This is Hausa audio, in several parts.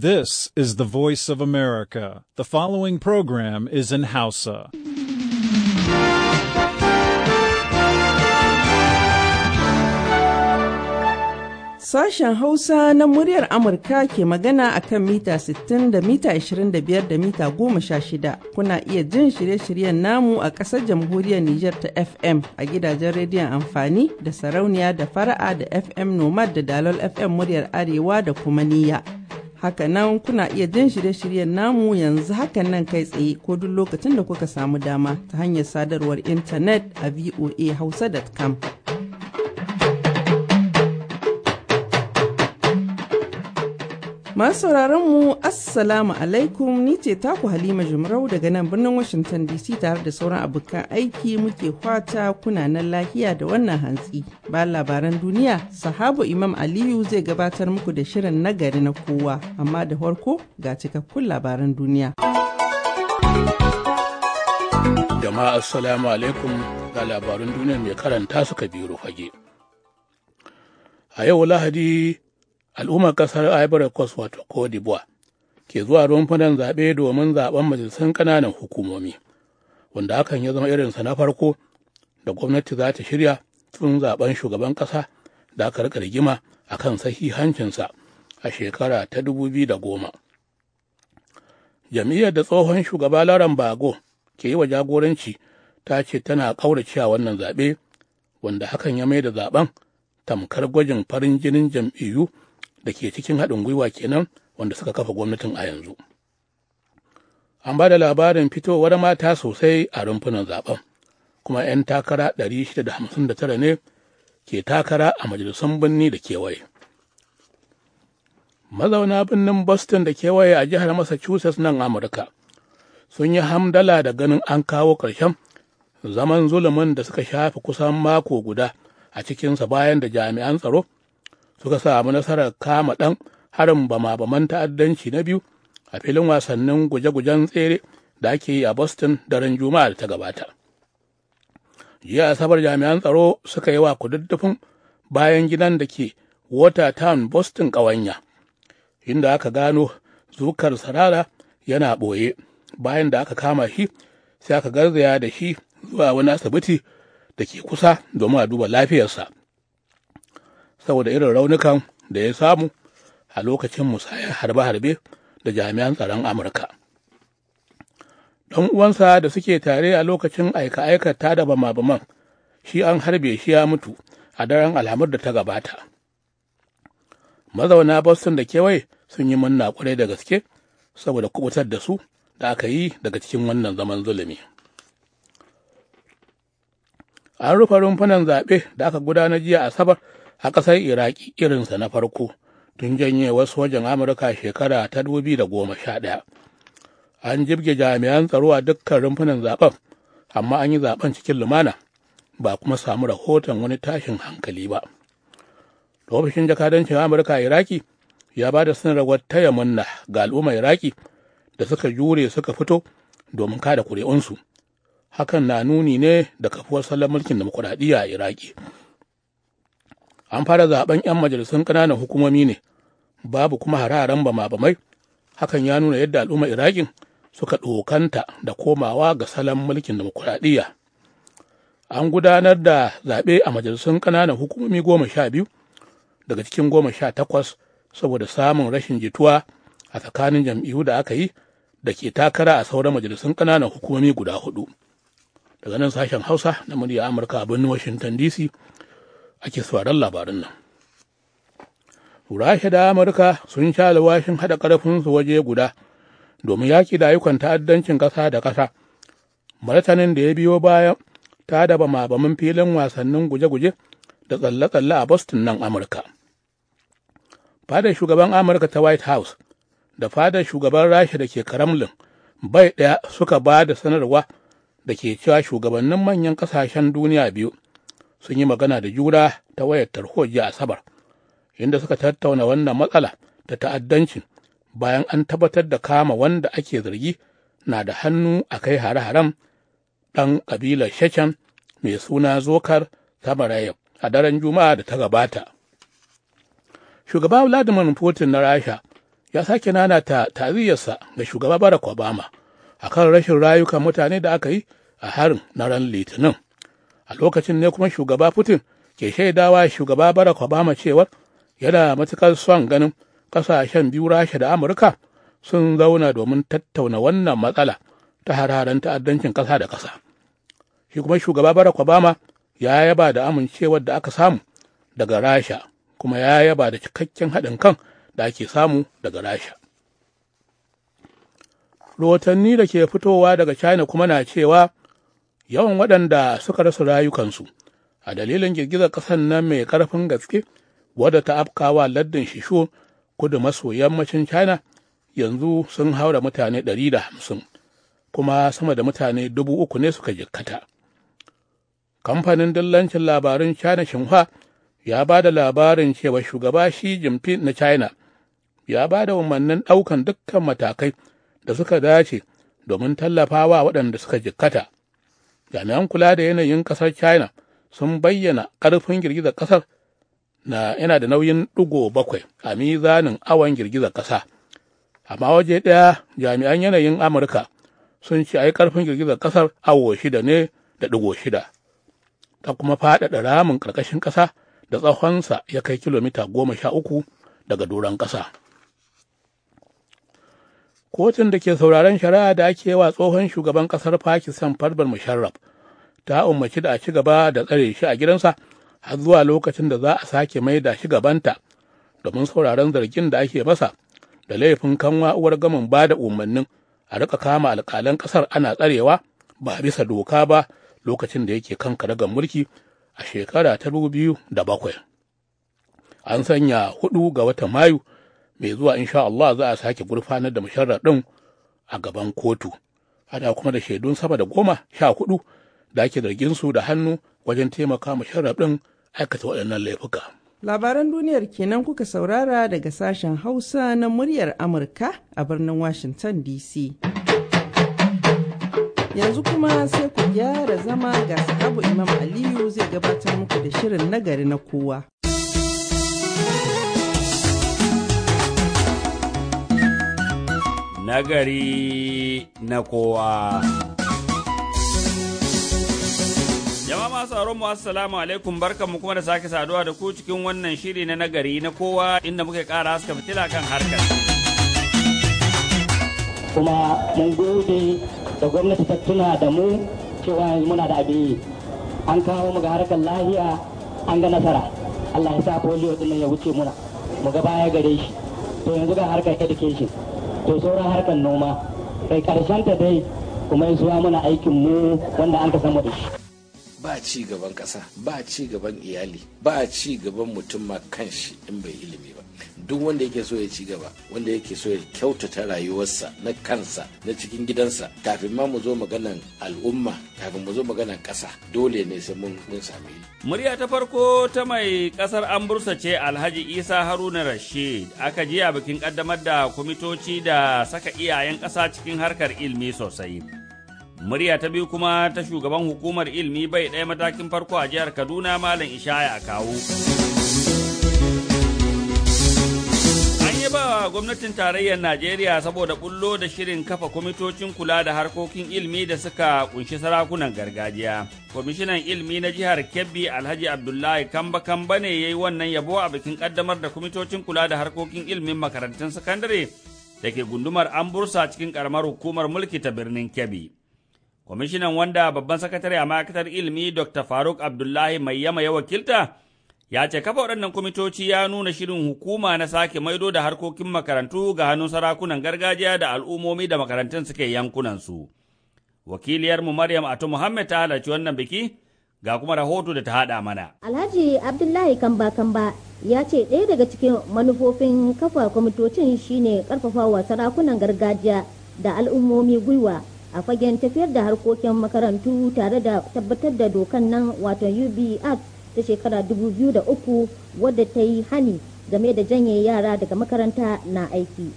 This is the voice of America. The following program is in Hausa. Sashen Hausa na muryar Amurka ke magana a kan mita 60 da mita 25 da mita 16. Kuna iya jin shirye-shiryen namu a ƙasar jamhuriyar Nijar ta FM a gidajen rediyon amfani da sarauniya da fara'a da FM Nomad da Dalol FM muryar Arewa da kuma niyya. Hakanan kuna iya jin shirye-shiryen namu yanzu hakan nan kai tsaye ko duk lokacin da kuka samu dama ta hanyar sadarwar intanet a voahausa.com. Masu sauraron mu Assalamu alaikum ni ce taku Halima Jumrau daga nan birnin Washington DC tare da sauran abokan aiki muke kwata kuna nan lahiya da wannan hantsi. Ba labaran duniya, sahabu Imam Aliyu zai gabatar muku da shirin nagari na kowa, amma da farko ga cikakkun labaran duniya. Jama'a Assalamu alaikum ga labarun duniya mai karanta suka Kabiru, fage. A yau Lahadi al'ummar ƙasar ivory coast wato cote d'ivoire ke zuwa rumfunan zaɓe domin zaɓen majalisun ƙananan hukumomi wanda hakan ya zama irin irinsa na farko da gwamnati za ta shirya tun zaɓen shugaban ƙasa da aka rika rigima a kan sahihancinsa a shekara ta dubu biyu da goma. jam'iyyar da tsohon shugaba laran bago ke yi wa jagoranci ta ce tana ƙauracewa wannan zaɓe wanda hakan ya mai da zaɓen tamkar gwajin farin jinin jam'iyyu da ke cikin haɗin gwiwa kenan wanda suka kafa gwamnatin a yanzu an ba da labarin fitowar mata sosai a rumfunan zaben kuma 'yan takara 659 ne ke takara a majalisun birni da kewaye mazauna birnin boston da kewaye a jihar massachusetts nan amurka sun yi hamdala da ganin an kawo ƙarshen zaman zulumin da suka shafe kusan mako guda a cikinsa bayan da jami'an tsaro suka samu nasarar kama ɗan harin bama-baman ta'addanci na biyu a filin wasannin guje-gujen tsere da ake yi a boston daren juma'a da ta gabata jiya asabar jami'an tsaro suka yi wa kududdufin bayan gidan da ke watertown boston ƙawanya inda aka gano zukar sarara yana ɓoye bayan da aka kama shi sai aka garzaya da shi zuwa wani asibiti da ke kusa domin a duba lafiyarsa saboda irin raunukan da ya samu a lokacin musayar harbe-harbe da jami'an tsaron amurka ɗan uwansa da suke tare a lokacin aika-aikar ta da bama-baman shi an harbe shi ya mutu a daren alhamar da ta gabata mazauna boston da kewaye sun yi manna kwarai da gaske saboda kubutar da su da aka yi daga cikin wannan zaman zulumi an rufe rumfunan zaɓe da aka gudanar jiya asabar a ƙasar iraki irinsa na farko tun wasu wajen amurka shekara ta da goma sha ɗaya. an jibge jami'an tsaro a dukkan rumfunan zaben amma an yi zaben cikin lumana ba kuma samu rahoton wani tashin hankali ba ofishin jakadancin amurka a iraki ya ba da sanarwar taya munna ga al'ummar iraki da suka jure suka fito domin kada kuri'unsu hakan na nuni ne da kafuwar salon mulkin demokuraɗiyya a iraki an fara zaben 'yan majalisun ƙananan hukumomi ne babu kuma hararen bama-bamai hakan ya nuna yadda al'umma iraƙin suka ɗokanta da komawa ga salon mulkin demokuraɗiyya an gudanar da zaɓe a majalisun ƙananan hukumomi goma sha biyu daga cikin goma sha takwas saboda samun rashin jituwa a tsakanin jam'iyyu da aka yi da ke takara a sauran majalisun ƙananan hukumomi guda hudu daga nan sashen hausa na murya amurka a birnin washington dc ake sauraron labarin nan rasha da amurka sun sha lawashin haɗa ƙarfinsu waje guda domin yaƙi da ayyukan ta'addancin ƙasa da ƙasa martanin da ya biyo baya ta da mabamin filin wasannin guje-guje da tsalle-tsalle a boston nan amurka fadar shugaban amurka ta white house da fadar shugaban rasha da ke kremlin bai ɗaya suka ba da sanarwa da ke cewa shugabannin manyan ƙasashen duniya biyu sun yi magana da jura ta wayar tarho asabar inda suka tattauna wannan matsala ta ta'addancin bayan an tabbatar da kama wanda ake zargi na da hannu a kai hare-haren ɗan ƙabilar shechen mai suna zokar samarayev a daren juma'a da ta gabata shugaba vladimir putin na rasha ya sake nanata ta'aziyarsa ga shugaba barack obama a kan rashin rayukan mutane da aka yi a harin na ran litinin a lokacin ne kuma shugaba putin ke shaidawa shugaba barack obama cewar yana matukar son ganin ƙasashen biyu rasha da amurka sun zauna domin tattauna wannan matsala ta hararen ta'addancin ƙasa da ƙasa shi kuma shugaba barack obama ya yaba da amincewar da aka samu daga rasha kuma ya yaba da cikakken haɗin kan da ake samu daga rasha rahotanni da ke fitowa daga china kuma na cewa yawan waɗanda suka rasa rayukansu a dalilin girgizar ƙasar nan mai ƙarfin gaske wadda ta afkawa laddin shisho kudu maso yammacin china yanzu sun haura mutane ɗari da hamsin kuma sama da mutane dubu uku ne suka jikkata kamfanin dillancin Labarin china shinhua ya ba da labarin cewa shugaba shi jinping na china ya ba da umarnin ɗaukan dukkan matakai da suka dace domin tallafawa waɗanda suka jikkata jami'an kula da yanayin ƙasar china sun bayyana ƙarfin girgizar ƙasar na yana da nauyin ɗigo bakwai a mizanin awon girgizar ƙasa amma waje ɗaya jami'an yanayin amurka sun ce ai ƙarfin girgizar ƙasar awo shida ne da ɗigo shida ta kuma faɗaɗa ramin ƙarƙashin ƙasa da tsahonsa ya kai kilomita goma sha uku daga doron ƙasa. kotun da ke sauraron shari'a da ake wa tsohon shugaban ƙasar pakistan farbar musharraf ta umarci da a ci gaba da tsare shi a gidansa har zuwa lokacin da za a sake mai da shi gabanta domin sauraron zargin da ake masa da laifin kanwa uwar gamin ba da umarnin a rika kama alƙalan ƙasar ana tsarewa ba bisa doka ba lokacin da yake kan karagar mulki a shekara ta 2007 da bakwai an sanya hudu ga watan mayu mai zuwa insha Allah za a sake gurfanar da musharrar ɗin a gaban kotu ana kuma da shaidun sama da goma sha hudu da ake zargin su da hannu wajen taimaka musharrar ɗin aikata waɗannan laifuka. Labaran duniyar kenan kuka saurara daga sashen Hausa na muryar Amurka a birnin Washington DC. Yanzu kuma sai ku gyara zama ga sahabu Imam Aliyu zai gabatar muku da shirin nagari na kowa. nagari na kowa. Jama'a masu mu assalamu alaikum barkanmu kuma da sake saduwa da ku cikin wannan shiri na nagari na kowa inda muka kara haska fitila kan harkar. Kuma mun gode da gwamnati ta tuna da mu cewa muna da abin yi. An kawo mu ga harkar lahiya an ga nasara. Allah ya sa polio din ya wuce muna. Mu ga baya gare shi. To yanzu ga harkar education. to sauran harkar noma kai karshen ta dai kuma ya zuwa mana aikin mu wanda an ka samu da shi ba ci gaban ƙasa ba ci gaban iyali ba ci gaban mutum ma kanshi in bai ilimi duk wanda yake so ya ci gaba wanda yake so ya kyautata rayuwarsa na kansa na cikin gidansa kafin ma mu zo maganan al'umma kafin mu zo maganan ƙasa dole ne sai mun sami murya ta farko ta mai ƙasar ambursa ce alhaji isa haruna rashid aka ji a bikin ƙaddamar da kwamitoci da saka iyayen ƙasa cikin harkar ilmi sosai murya ta biyu kuma ta shugaban hukumar ilmi bai ɗaya matakin farko a jihar kaduna malam ishaya a kawo ya ba gwamnatin tarayyar Najeriya saboda bullo da shirin kafa kwamitocin kula da harkokin ilmi da suka kunshi sarakunan gargajiya. Kwamishinan ilmi na jihar Kebbi Alhaji Abdullahi Kamba Kamba ne ya yi wannan yabo a bikin kaddamar da kwamitocin kula da harkokin ilmin makarantun sakandare da ke gundumar Ambursa cikin karamar hukumar mulki ta birnin Kebbi. Kwamishinan wanda babban sakatare a ma'aikatar ilmi Dr. Faruk Abdullahi Mai Yama ya wakilta ya ce kafa waɗannan kwamitoci ya nuna shirin hukuma na sake maido da harkokin makarantu ga hannun sarakunan gargajiya da al'ummomi da makarantun suke yankunansu. Wakiliyarmu Maryam Ato Muhammad ta halarci wannan biki ga kuma rahoto da ta haɗa mana. Alhaji Abdullahi Kamba Kamba ya ce ɗaya daga cikin manufofin kafa kwamitocin shine ƙarfafawa sarakunan gargajiya da al'ummomi gwiwa a fagen tafiyar da harkokin makarantu tare da tabbatar da dokan nan wato UB Act ta shekara 2003 wadda ta yi hani game da janye yara daga makaranta na aiki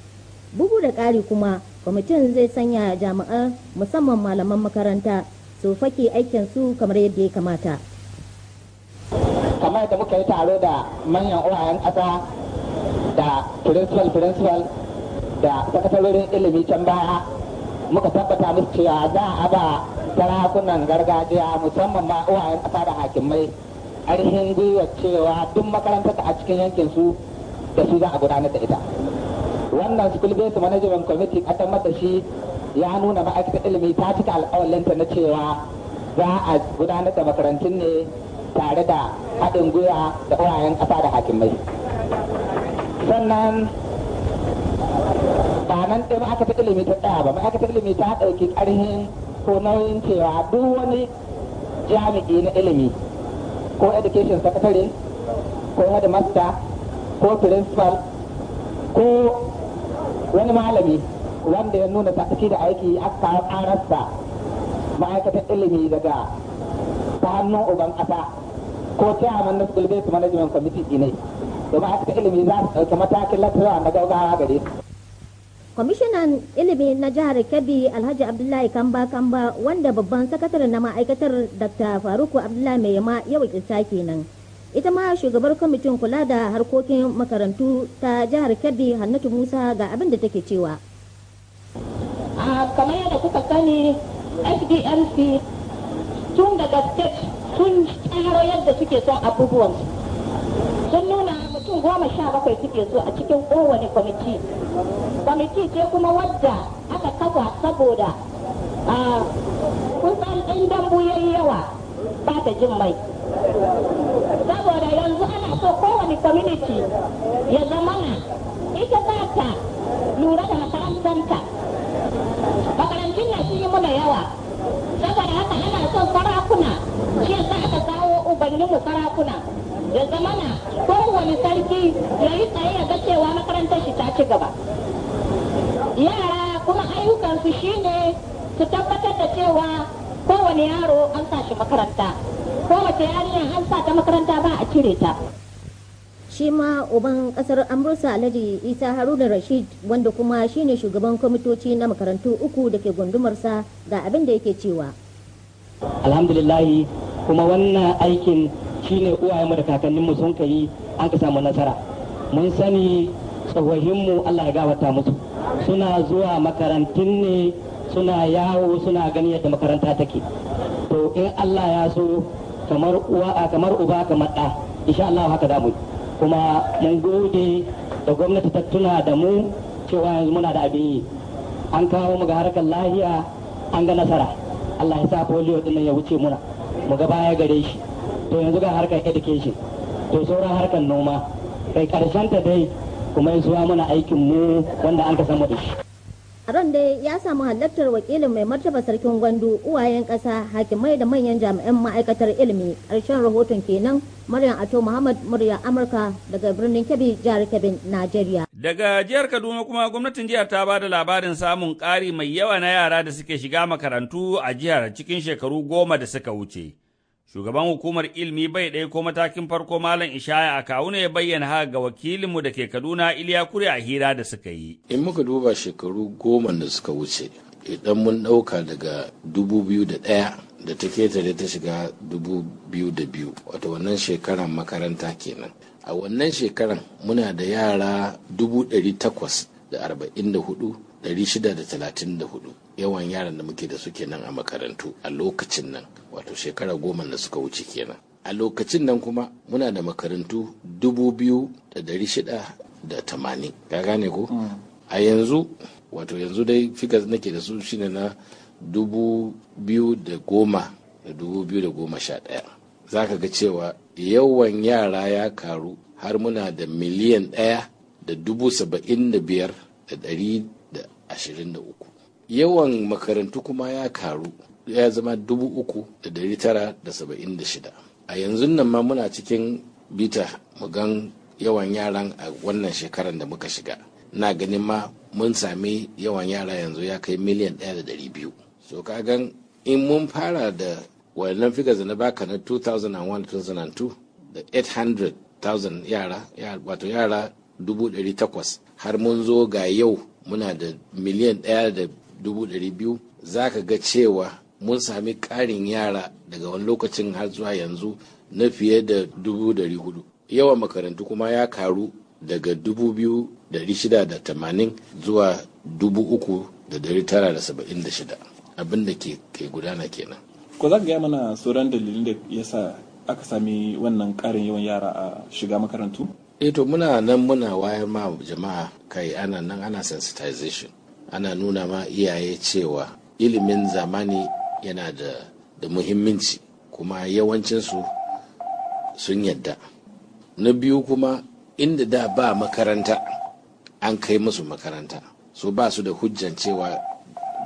bugu da ƙari kuma kwamitin zai sanya jami'an musamman malaman makaranta su fake aikinsu kamar yadda ya kamata kamar da muka yi taro da manyan uwayen ƙasa da principal principal da sakatarorin ilimi can baya muka tabbata musu cewa za a ba sarakunan gargajiya musamman ma uwayen ƙasa da hakimai ainihin gwiwa cewa duk makarantar a cikin yankin su da su za a gudanar da ita wannan school based management committee kaddamar da shi ya nuna ma'aikata ilimi ta cika alƙawalinta na cewa za a gudanar da makarantun ne tare da haɗin gwiwa da ƙwayayen ƙasa da hakimai sannan ba nan ɗaya ma'aikata ilimi ta tsaya ba ma'aikata ilimi ta ɗauki ƙarhin ko nauyin cewa duk wani jami'i na ilimi ko education secretary ko headmaster ko principal ko wani malami wanda ya nuna tafi da aiki aka karasta ma'aikatar ilimi daga ta hannun uban ƙasa ko chairman na school based management committee ne domin aka ilimi za su ɗauki matakin latura na gaugawa gare su kwamishinan ilimi na jihar kebbi alhaji abdullahi kamba kamba wanda babban sakatare na ma'aikatar dr faruku abdullahi mai yama yau wakilta kenan ita ma shugabar kwamitin kula da harkokin makarantu ta jihar kebbi hannatu musa ga abin da take cewa kamar yadda kuka sani fdmc tun daga state sun tsiro yadda suke son abubuwan sun nuna mutum goma sha bakwai suke so a cikin kowane kwamiti kwamiti ce kuma wadda aka kafa saboda kusan ɗin dambu yi yawa ba ta jin mai saboda yanzu ana so kowane kwamiti ya zama na ita ba ta lura da makarantanta makarantun na sun yi muna yawa saboda haka ana son sarakuna shi yasa aka kawo ubanninmu sarakuna ya zamana kowane sarki ya yi tsaye ya ga cewa makarantar shi ta ci gaba yara kuma ayyukansu shine su tabbatar da cewa kowane yaro an sa shi makaranta kowace yarinya an sa ta makaranta ba a cire ta shi ma uban kasar amursa alhaji isa haruna rashid wanda kuma shine shugaban kwamitoci na makarantu uku da ke gundumarsa ga abin da yake cewa alhamdulillahi kuma wannan aikin shine uwayenmu da kakanninmu sun kai an ka samu nasara mun sani tsohohinmu Allah ya gawata musu suna zuwa makarantun ne suna yawo suna gani yadda makaranta take to in Allah ya so kamar uwa kamar uba kamar da insha Allah haka za mu kuma mun gode da gwamnati ta tuna da mu cewa yanzu muna da abin yi an kawo mu ga harkar lahiya an ga nasara Allah ya sa polio din ya wuce muna mu ga baya gare shi to yanzu ga harkar education to sauran harkar noma kai karshen ta dai kuma zuwa mana aikin mu wanda an ka samu da shi Aron dai ya samu halartar wakilin mai martaba sarkin gwandu uwayen ƙasa hakimai da manyan jami'an ma'aikatar ilimi ƙarshen rahoton kenan Maryam Ato Muhammad murya Amurka daga birnin Kebbi jihar Kebbi Najeriya. Daga jihar Kaduna kuma gwamnatin jihar ta bada labarin samun ƙari mai yawa na yara da suke shiga makarantu a jihar cikin shekaru goma da suka wuce. Shugaban hukumar ilmi bai ɗaya ko matakin farko Malam Ishaya a kawuna ya bayyana haka ga wakilinmu da ke Kaduna Iliya Kure a hira da suka yi. In muka duba shekaru goma da suka wuce, idan mun ɗauka daga dubu biyu da ɗaya da ta ketare ta shiga dubu biyu da biyu, wato wannan shekaran makaranta kenan. A wannan shekaran muna da yara dubu ɗari takwas da arba'in da hudu 634 yawan yaran da muke da su kenan a makarantu a lokacin nan wato shekara goma da suka wuce kenan a lokacin nan kuma muna da makarantu 2,680 ka gane ko mm. a yanzu wato yanzu dai fikas nake da su shine na 2010 da 2011 za ka ga cewa yawan yara ya karu har muna da miliyan ɗaya da dubu da biyar da ɗari 23 yawan makarantu kuma ya karu ya zama 3,976 a yanzu nan ma muna cikin bita gan yawan yaran a wannan shekarar da muka shiga na ganin ma mun sami yawan yara yanzu ya kai miliyan 1,200 so gan in mun fara da wannan figures na baka na 2001-2002 da 800,000 yara wato yara 800,000 har mun zo ga yau muna da miliyan ɗaya da dubu ɗari biyu za ka ga cewa mun sami ƙarin yara daga wani lokacin har zuwa yanzu na fiye da dubu ɗari hudu yawan makarantu kuma ya karu daga dubu biyu ɗari shida da tamanin zuwa dubu uku da ɗari tara da saba'in da shida abin da ke gudana kenan ko za ka gaya mana sauran dalilin da ya sa aka sami wannan ƙarin yawan yara a shiga makarantu Eh to muna nan muna wayar ma jama'a kai ana nan ana sensitization ana nuna ma iyaye cewa ilimin zamani yana da muhimmanci kuma yawancinsu sun yadda na biyu kuma inda da ba makaranta an kai musu makaranta su ba su da hujjan cewa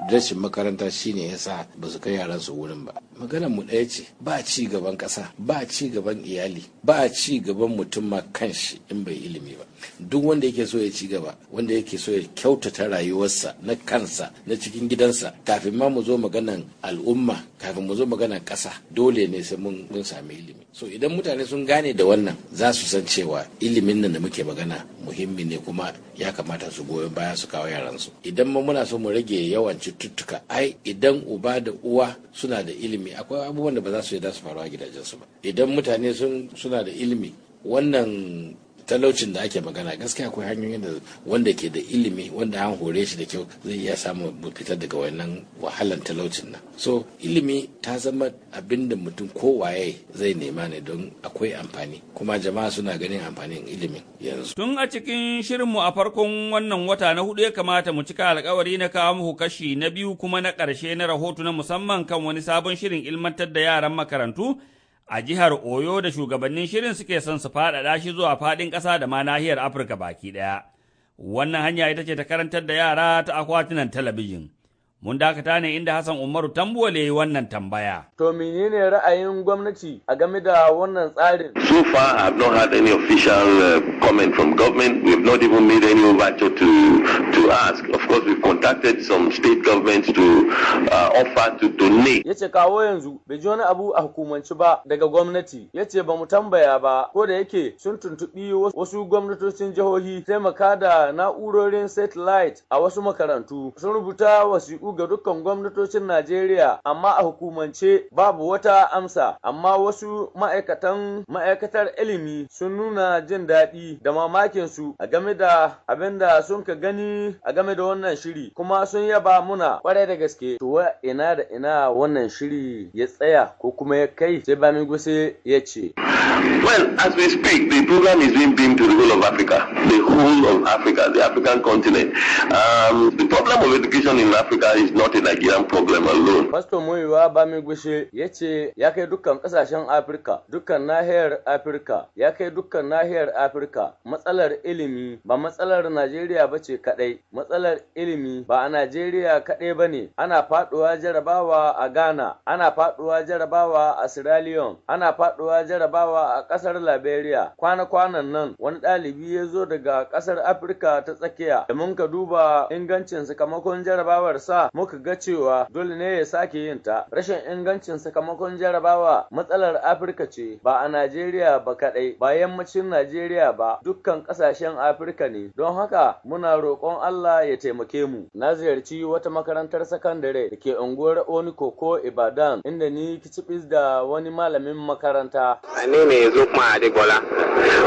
rashin makaranta shine yasa ba su kai yaransu wurin ba maganar mu ɗaya ce ba ci gaban ƙasa ba ci gaban iyali ba ci gaban mutum ma kanshi in bai ilimi ba duk wanda yake so ya ci gaba wanda yake so ya kyautata rayuwarsa na kansa na cikin gidansa kafin ma mu zo maganan al'umma kafin mu zo maganan ƙasa dole ne sai mun sami ilimi so idan mutane sun gane da wannan za su san cewa ilimin nan da muke magana muhimmi ne kuma ya kamata su goyon baya su kawo yaransu idan ma muna so mu rage yawan cututtuka ai idan uba da uwa suna da ilimi ilimi akwai abubuwan da ba za su yi da su faru a gidajensu ba idan mutane suna da ilimi wannan talaucin da ake magana gaskiya akwai hanyoyin da wanda ke da ilimi wanda an hore shi da kyau zai iya samun fitar daga wannan wahalan talaucin nan so ilimi ta zama abin da mutum kowaye zai nema ne don akwai amfani kuma jama'a suna ganin amfanin ilimin yanzu tun a cikin shirin mu a farkon wannan wata na hudu ya kamata mu cika alkawari na kawo muku kashi na biyu kuma na ƙarshe na rahoto na musamman kan wani sabon shirin ilmantar da yaran makarantu a jihar Oyo da shugabannin shirin suke son su faɗaɗa shi zuwa faɗin ƙasa da ma nahiyar Afirka baki ɗaya. Wannan hanya ita ce ta karantar da yara ta akwatunan talabijin. Mun dakata ne inda Hassan Umaru tambole ya wannan tambaya. To menene ra'ayin gwamnati a game da wannan tsarin? So far I have not had any official uh, comment from government. We have not even made any overture to ask. Of course, we've contacted some state governments to uh, offer to donate. Ya ce kawo yanzu bai ji wani abu a hukumance ba daga gwamnati. Ya ce ba mu tambaya ba ko da yake sun tuntuɓi wasu gwamnatocin jihohi taimaka da na'urorin satellite a wasu makarantu. Sun rubuta wasiƙu ga dukkan gwamnatocin Najeriya amma a hukumance babu wata amsa. Amma wasu ma'aikatan ma'aikatar ilimi sun nuna jin daɗi da mamakin su a game da abin da sun ka gani a game da wannan shiri kuma sun yaba muna kwarai da gaske to wa ina da ina wannan shiri ya tsaya ko kuma ya kai sai ba gose ya ce Well, as we speak, the program is being beamed to the whole of Africa, the whole of Africa, the African continent. Um, the problem of education in Africa is not a Nigerian problem alone. Pastor moyiwa Muyiwa gose ya ce ya kai dukkan kasashen africa dukkan nahiyar africa ya kai dukkan nahiyar africa Matsalar ilimi ba matsalar Najeriya ba ce kadai, matsalar ilimi ba a Najeriya kaɗai ba ne, ana faɗuwa jarabawa a Ghana, ana faɗuwa jarabawa a Sierra Leone, ana faɗuwa jarabawa a ƙasar Liberia. Kwana-kwanan nan wani ɗalibi ya zo daga ƙasar Afirka ta tsakiya, da mun ka duba ingancin sakamakon jarabawar sa muka ga cewa dole ne ya sake yin ta. Rashin ingancin sakamakon jarabawa matsalar Afirka ce ba a Najeriya ba kaɗai, ba yammacin Najeriya ba dukkan ƙasashen Afirka ne. Don haka muna roƙon Allah Allah ya taimake mu. Na ziyarci wata makarantar sakandare da ke unguwar Oniko ko Ibadan inda ni kicibis da wani malamin makaranta. Ne ne Zukma Adegola.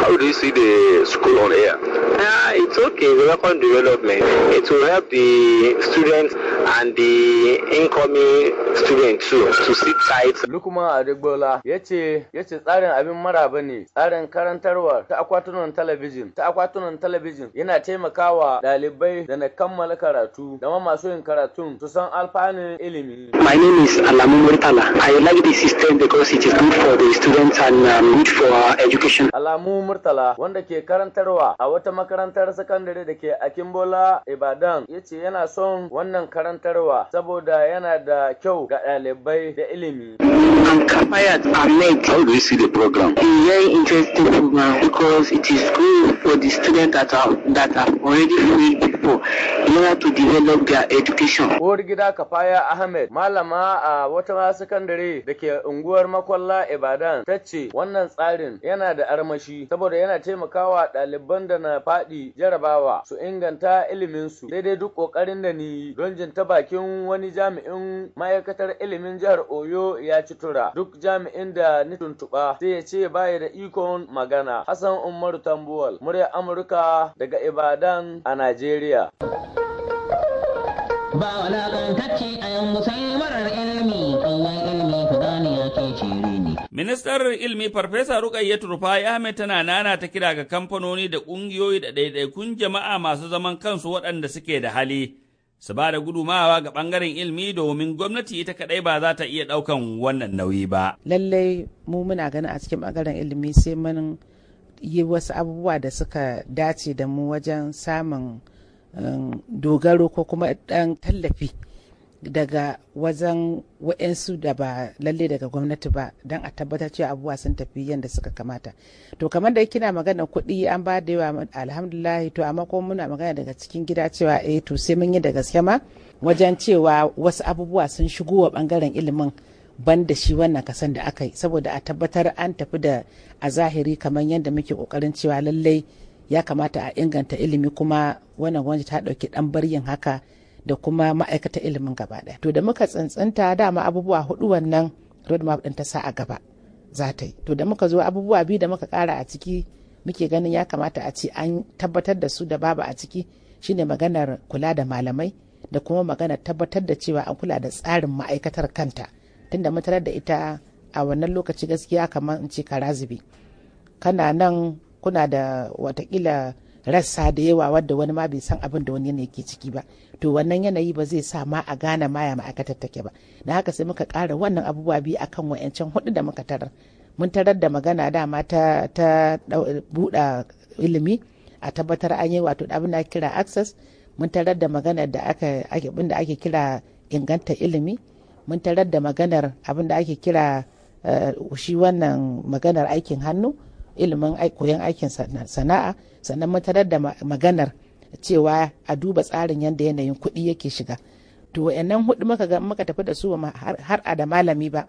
How do you see the school on air? Uh, it's okay, welcome development. It will help the students and the incoming students too to sit tight. Lukuma Adegbola ya ce ya ce tsarin abin maraba ne tsarin karantarwa ta akwatunan talabijin ta akwatunan talabijin yana taimakawa ɗalibai da na kammala karatu da ma masu yin karatun su san alfanun ilimi. My name is Alamu Murtala. I like this system because it is good for the students and um, good for education. Alamu Murtala wanda ke karantarwa a wata makarantar sakandare da ke Akinbola Ibadan ya ce yana son wannan karantarwa saboda yana da kyau ga ɗalibai da ilimi. Hayat Ahmed. How do you see the program? It's very interesting program because it is good for the students that are, that are already finished people in order to develop their education. Uwar gida Kafaya Ahmed, malama a wata sakandare da ke unguwar Makwalla Ibadan, ta ce wannan tsarin yana da armashi saboda yana taimakawa ɗaliban da na faɗi jarabawa su inganta iliminsu daidai duk ƙoƙarin da ni don jin ta bakin wani jami'in ma'aikatar ilimin jihar Oyo ya ci tura duk jami'in da ni tuntuɓa sai ya ce baya da ikon magana. Hassan Umaru Tambuwal, murya Amurka daga Ibadan a Najeriya. Najeriya. Ba walakantacce a yan musayyamarar ilimi, kallon ilimi ku gane ya ke ciri ne. Ministar ilimi Farfesa Turfa ya Ahmed tana nana ta kira ga kamfanoni da ƙungiyoyi da ɗaiɗaikun jama'a masu zaman kansu waɗanda suke da hali. Su ba da gudumawa ga ɓangaren ilimi domin gwamnati ita kaɗai ba za ta iya ɗaukan wannan nauyi ba. Lallai mu muna ganin a cikin ɓangaren ilimi sai mun yi wasu abubuwa da suka dace da mu wajen samun Um, dogaro ko kuma ɗan tallafi daga wajen wa'yansu da ba lalle daga gwamnati ba don a tabbatar cewa abubuwa sun tafi yadda suka kamata to kamar da kina magana kuɗi an ba da yawa alhamdulahi to amma kuma muna magana daga cikin gida cewa eh to sai mun yi da gaske ma wajen cewa wasu abubuwa sun shigo wa bangaren ilimin ban da shi wannan kasan da aka yi saboda a tabbatar an tafi da a zahiri kamar yadda muke kokarin cewa lallai ya kamata a inganta ilimi kuma wannan gwamnati ta ɗauki ɗan baryin haka da kuma ma'aikata ilimin gaba ɗaya to da muka tsantsanta dama abubuwa hudu wannan roadmap ɗin ta sa a gaba za ta yi to da muka zo abubuwa biyu da muka ƙara a ciki muke ganin ya kamata a ce an tabbatar da su da babu a ciki shine maganar kula da malamai da kuma maganar tabbatar da cewa an kula da tsarin ma'aikatar kanta tunda mutarar da ita a wannan lokaci gaskiya kamar in ce ka karazibi kana nan kuna da watakila rassa da yawa wadda wani ma bai san abin da wani yanayi ke ciki ba to wannan yanayi ba zai sa ma a gane ma ya ma'aikatar take ba na haka sai muka ƙara wannan abubuwa biyu akan wa'ancan hudu da muka tarar mun tarar da magana dama ta ta buɗa ilimi a tabbatar an yi wato abin da kira access mun tarar da magana da da ake kira inganta ilimi mun tarar da maganar abin da ake kira eh, shi wannan maganar aikin hannu ilimin koyon aikin sana'a sannan mun tarar da maganar cewa a duba tsarin yadda yanayin kuɗi yake shiga to wayannan hudu muka ga muka tafi da su har a da malami ba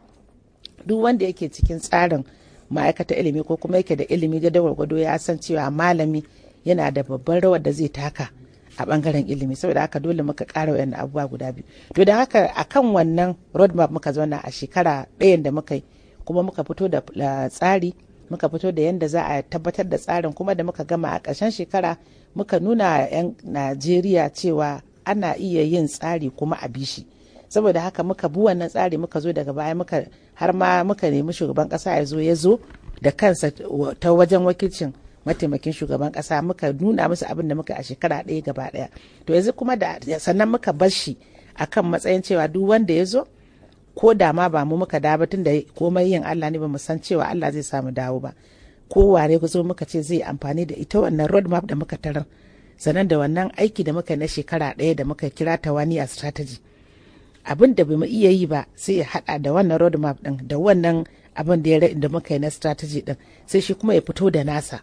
duk wanda yake cikin tsarin ma'aikata ilimi ko kuma yake da ilimi da gwargwado ya san cewa malami yana da babban rawar da zai taka a bangaren ilimi saboda haka dole muka ƙara wayan abubuwa guda biyu to da haka akan wannan roadmap muka zauna a shekara ɗayan da muka yi kuma muka fito da tsari muka fito da yadda za a tabbatar da tsarin kuma da muka gama a ƙarshen shekara muka nuna 'yan najeriya cewa ana iya yin tsari kuma a bishi saboda haka muka bi wannan tsari muka zo daga baya muka har ma muka nemi shugaban kasa ya zo ya zo da kansa ta wajen wakilcin mataimakin shugaban kasa muka nuna musu abin da muka a shekara ɗaya gaba ɗaya to yanzu kuma da sannan muka bar shi akan matsayin cewa duk wanda ya zo ko da ma ba mu muka da tun da komai yin Allah ne ba mu san cewa Allah zai samu dawo ba ko ware ku zo muka ce zai amfani da ita wannan road map da muka tarar sannan da wannan aiki da muka na shekara ɗaya da muka kira ta wani a strategy abin da bamu iya yi ba sai ya hada da wannan road map din da wannan abin da ya da muka yi na strategy din sai shi kuma ya fito da nasa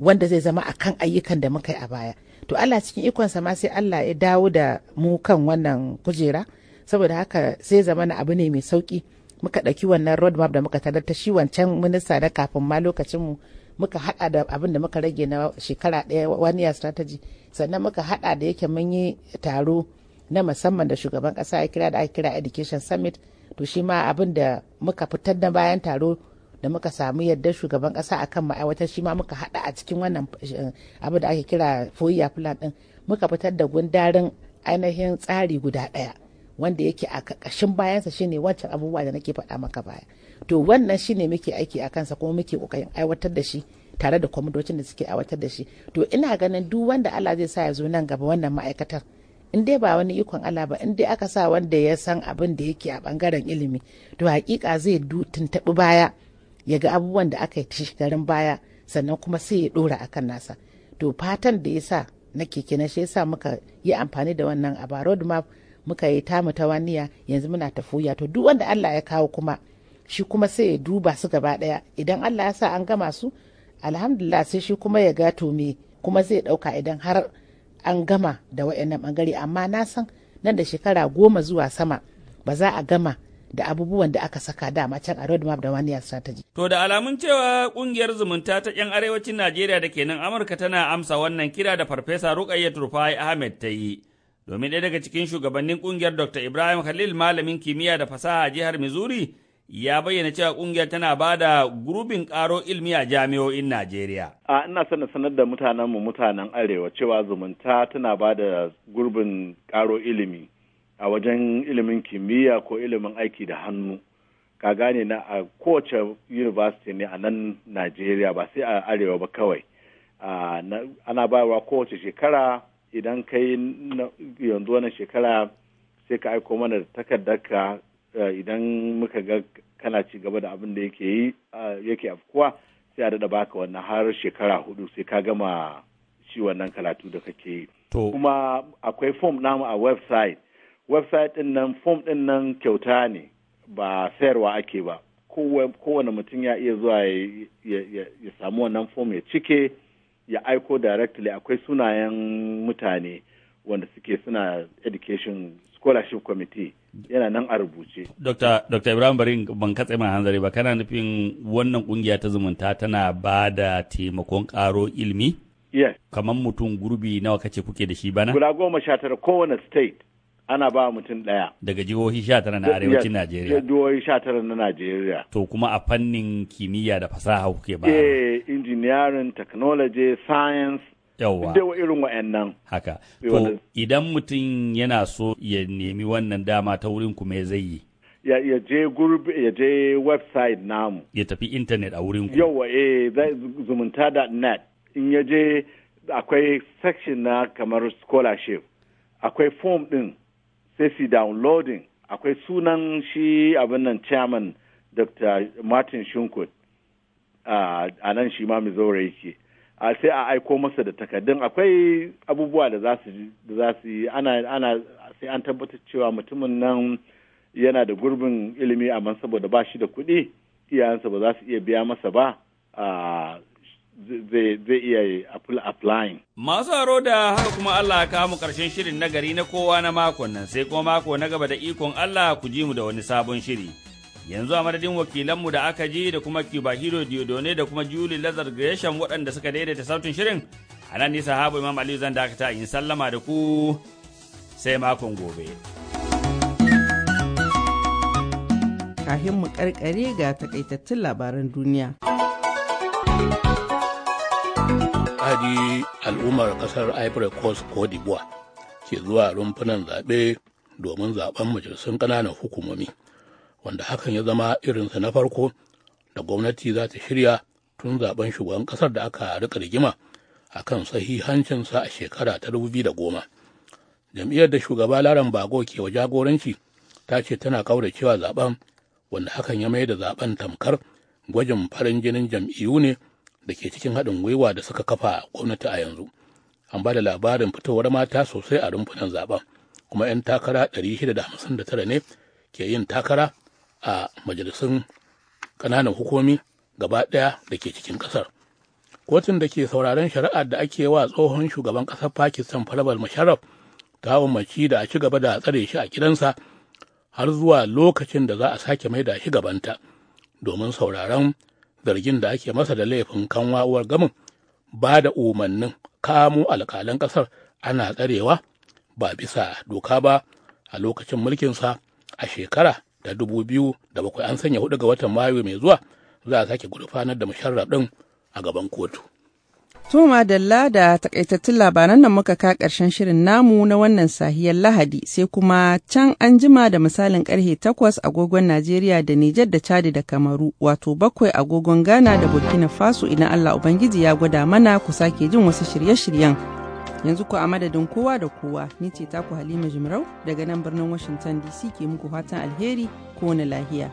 wanda zai zama akan ayyukan da muka yi a baya to Allah cikin ikonsa ma sai Allah ya dawo da mu kan wannan kujera saboda haka sai zamana abu ne mai sauki muka ɗauki wannan road map da muka tarar ta shi wancan minista na kafin ma lokacinmu muka hada da abin da muka rage na shekara ɗaya wani year strategy sannan muka haɗa da yake mun yi taro na musamman da shugaban ƙasa ya kira da aka kira education summit to shi ma abin da muka fitar da bayan taro da muka samu yadda shugaban kasa akan ma'aikatar shi ma muka hada a cikin wannan eh, abu da ake kira foyiya plan ɗin muka fitar da gundarin ainihin tsari guda ɗaya. wanda yake a ƙarƙashin bayansa shine wancan abubuwa da nake faɗa maka baya to wannan shine muke aiki a kansa kuma muke ƙoƙarin aiwatar da shi tare da kwamitocin da suke aiwatar da shi to ina ganin duk wanda Allah zai sa ya zo nan gaba wannan ma'aikatar in dai ba wani ikon Allah ba in dai aka sa wanda ya san abin da yake a bangaren ilimi to hakika zai tuntaɓi baya ya ga abubuwan da aka yi garin baya sannan kuma sai ya dora akan nasa to fatan da ya sa nake na shi ya sa muka yi amfani da wannan a road map muka yi tamu ta waniya yanzu muna tafuya to duk wanda Allah ya kawo kuma shi kuma sai ya duba su gaba daya idan Allah ya sa an gama su alhamdulillah sai shi kuma ya ga to me kuma zai dauka idan har an gama da wayannan bangare amma na san nan da shekara goma zuwa sama ba za a gama da abubuwan da aka saka dama can a roadmap da wani strategy. To da alamun cewa kungiyar zumunta ta 'yan arewacin Najeriya da ke nan Amurka tana amsa wannan kira da Farfesa Rukayya Turfai Ahmed ta yi. domin ɗaya daga cikin shugabannin ƙungiyar Dr. Ibrahim Khalil malamin kimiyya da fasaha a jihar Missouri ya bayyana cewa ƙungiyar tana ba da gurbin ƙaro ilmi a jami'o'in Najeriya. A ina son sanar da mutanenmu mutanen Arewa cewa zumunta tana ba da gurbin ƙaro ilimi a wajen ilimin kimiyya ko ilimin aiki da hannu. Ka gane na a kowace university ne a nan Najeriya ba sai a Arewa ba kawai. Ana bayarwa kowace shekara idan kai yanzu wani shekara sai ka aiko mana da takardar ka eh, idan muka ga kana ci gaba da abin da yake yi eh, yake afkuwa sai a daɗa baka wannan har shekara hudu sai ka gama shi wannan karatu da kake yi. Kuma akwai fom namu a website. Website din nan fom din nan kyauta ne ba sayarwa ake ba. Kowane mutum ya iya zuwa ya samu wannan fom ya cike ya aiko directly akwai sunayen mutane wanda suke suna education scholarship committee yana nan a rubuce. Dr. Ibrahim Barin ban katse mai hanzari ba kana nufin wannan kungiya ta zumunta tana ba da taimakon karo ilimi? Yes. Kamar mutum gurbi nawa kace kuke da shi bana? Guda goma sha tara kowane state. ana ba mutum ɗaya. Daga jihohi 19 na arewacin Najeriya. Jihohi 19 na Najeriya. To kuma a fannin kimiyya da fasaha kuke ba. Eh, engineering, technology, science. Yawwa. Duk irin wa'annan. Haka. To idan mutum yana so ya nemi wannan dama ta wurin ku me zai yi. ya, ya je gurbi ya je website namu ya tafi intanet a wurin ku yawa eh zumunta da net in ya je akwai section na kamar scholarship akwai form din sai su downloading akwai sunan shi abin nan chairman dr martin shunkut a nan shi ma missouri yake a sai a aiko masa da takardun akwai abubuwa da za su yi ana sai an tabbatar cewa mutumin nan yana da gurbin ilimi amma saboda ba shi da kuɗi iyayensa ba za su iya biya masa ba zai iya applying. Masu haro da haka kuma Allah ka mu karshen shirin nagari na kowa na makon nan sai kuma mako na gaba da ikon Allah ku ji mu da wani sabon shiri. Yanzu a madadin wakilanmu da aka ji da kuma kibahiro Hero Diodone da kuma juli Lazar Gresham waɗanda suka daidaita sautin shirin. A nan nisa habu Imam Aliyu zan dakata in sallama da ku sai makon gobe. Kahin mu karkare ga takaitattun labaran duniya. tsari al'ummar kasar ivory coast ko dibuwa ke zuwa rumfunan zaɓe domin zaɓen majalisun ƙananan hukumomi wanda hakan ya zama irinsa na farko da gwamnati za ta shirya tun zaɓen shugaban ƙasar da aka rika rigima a kan sahihancinsa a shekara ta da goma jam'iyyar da shugaba laran bago ke wa jagoranci ta ce tana cewa zaɓen wanda hakan ya mai da zaɓen tamkar gwajin farin jinin jam'iyyu ne da ke cikin haɗin gwiwa da suka kafa gwamnati a yanzu an ba da labarin fitowar mata sosai a rumfunan zaben kuma 'yan takara 659 ne ke yin takara a majalisun ƙananan hukumi gaba ɗaya da ke cikin ƙasar kotun da ke sauraron shari'ar da ake wa tsohon shugaban ƙasar pakistan Farabal musharraf ta umarci da a ci gaba da tsare shi a gidansa har zuwa lokacin da za a sake mai da shi gabanta domin sauraron zargin da ake masa da laifin kanwa uwar gamin ba da umarnin kamo alkalan ƙasar ana tsarewa ba bisa doka ba a lokacin mulkinsa a shekara da dubu biyu da bakwai an sanya hudu ga watan mayu mai zuwa za a sake gurfanar da musharraɗin a gaban kotu To madalla da takaitattun labaran nan muka ka karshen shirin namu na wannan sahiyar Lahadi sai kuma can an jima da misalin karhe takwas agogon Najeriya da Nijar da Chad da Kamaru wato bakwai agogon Ghana da Burkina Faso idan Allah Ubangiji ya gwada mana ku sake jin wasu shirye-shiryen. Yanzu ku a madadin kowa da kowa ni ce taku Halima Jimrau daga nan birnin Washington DC ke muku fatan alheri ko na lahiya.